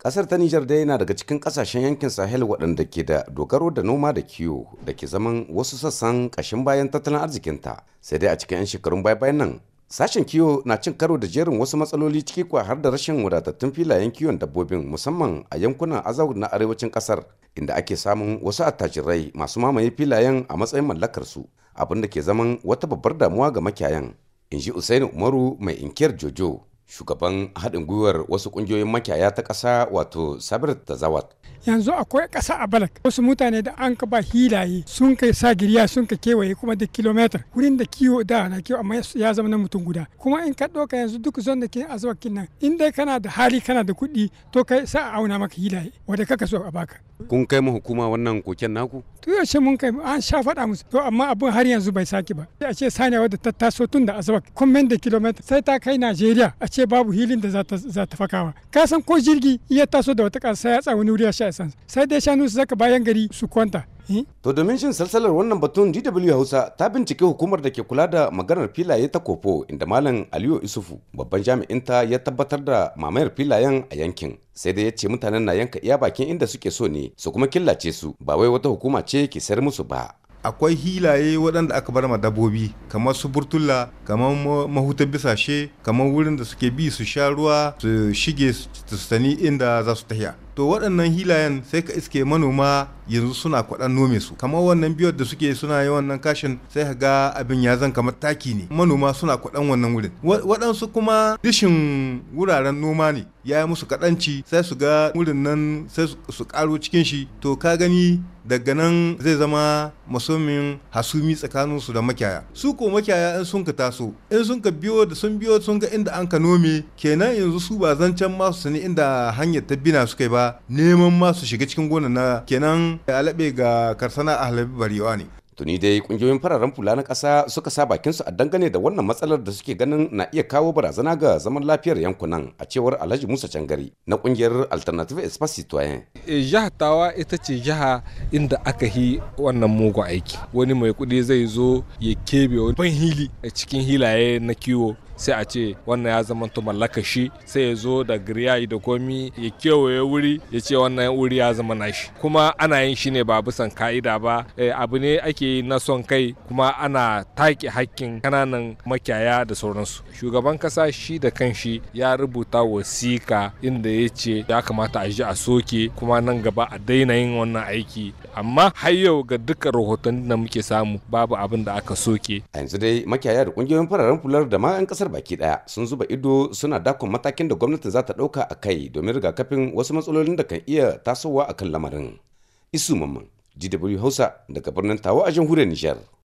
Kasar ta Nijar dai yana daga cikin kasashen yankin Sahel waɗanda ke da dogaro da noma da kiwo da ke zaman wasu sassan kashin bayan tattalin arzikinta sai dai a cikin 'yan shekarun baya-bayan nan sashen kiwo na cin karo da jerin wasu matsaloli ciki kwa har da rashin wadatattun filayen kiwon dabbobin musamman a yankunan azawud na arewacin kasar inda ake samun wasu attajirai masu mamaye filayen a matsayin mallakar su abin da ke zaman wata babbar damuwa ga makiyayan in ji usainu umaru mai inkiyar jojo shugaban haɗin gwiwar wasu ƙungiyoyin makiyaya ta ƙasa wato sabir zawat yanzu akwai ƙasa a balak wasu mutane da an ka ba hilaye sun kai giriya sun ka kewaye kuma da kilometer wurin da kiwo da na kiwo amma ya zama na mutum guda kuma in ka ɗauka yanzu duk zon da ke azuwa nan in dai kana da hali kana da kuɗi to kai sa a auna maka hilaye wanda kaka so a baka kun kai mu hukuma wannan koken naku to yaushe mun kai an sha faɗa musu to amma abin har yanzu bai sake ba sai a ce sanewa da ta tun da azuwa kun da kilometer sai ta kai Najeriya a ce ce babu hilin da za ta fakawa ka san ko jirgi iya taso da wata kasa ya tsawo wani wuri ya sha sai dai shanu su zaka bayan gari su kwanta hmm? To domin shin salsalar wannan batun DW Hausa ta bincike hukumar da ke kula da maganar filaye ta kofo inda Malam Aliyu Isufu babban jami'inta ya tabbatar da mamayar filayen a yankin. Sai dai ya ce mutanen na yanka iya bakin inda suke so ne su kuma killace su ba wai wata hukuma ce ke sayar musu ba. akwai hilaye waɗanda aka bar ma dabbobi kamar su burtula kamar mahutar bisashe kamar wurin da suke bi su sha ruwa su shige su sani inda za su tahiya to waɗannan hilayen sai ka iske manoma yanzu suna kwaɗan nome su kamar wannan biyar da suke suna yi wannan kashin sai ga abin ya zan kamar taki ne manoma suna kwaɗan wannan wurin waɗansu kuma rishin wuraren noma ne ya yi musu kaɗanci sai su ga wurin nan sai su ƙaro cikin shi to ka gani daga nan zai zama masumin hasumi tsakanin su da makiyaya su ko makiyaya in sun ka taso in sun ka biyo da sun biyo sun ga inda an ka nome kenan yanzu su ba zancen masu sani inda hanyar ta bina suka yi ba neman masu shiga cikin gonan na kenan laɓe ga karsana a halabi barewa ne tuni dai kungiyoyin fararen fula na ƙasa suka sa bakin su a dangane da wannan matsalar da suke ganin na iya kawo barazana ga zaman lafiyar yankunan a cewar alhaji musa cangari na kungiyar alternative espace citoyen eh, jihar tawa ita ce jiha inda aka yi wannan mugun aiki wani mai kuɗi zai zo ya kebe wani ban hili a cikin hilaye na kiwo sai a ce wannan ya zama to mallaka shi sai ya zo da griya da komi ya kewaye wuri ya ce wannan wuri ya zama nashi kuma ana yin shi ne ba bisan ka'ida ba eh, abu ne ake yi na son kai kuma ana take hakkin kananan makiyaya da sauransu shugaban kasa shi da kanshi ya rubuta wasiƙa inda ya ce ya kamata a ji a soke kuma nan gaba a daina yin wannan aiki amma har yau ga duka rahoton da muke samu babu abin da aka soke a yanzu dai makiyaya da kungiyoyin fararen fular da ma 'yan kasar baki daya sun zuba ido suna dakon matakin da gwamnatin za ta dauka a kai domin rigakafin wasu matsalolin da kan iya tasowa akan lamarin isu mamman gw hausa daga birnin tawa a jamhuriyar nijar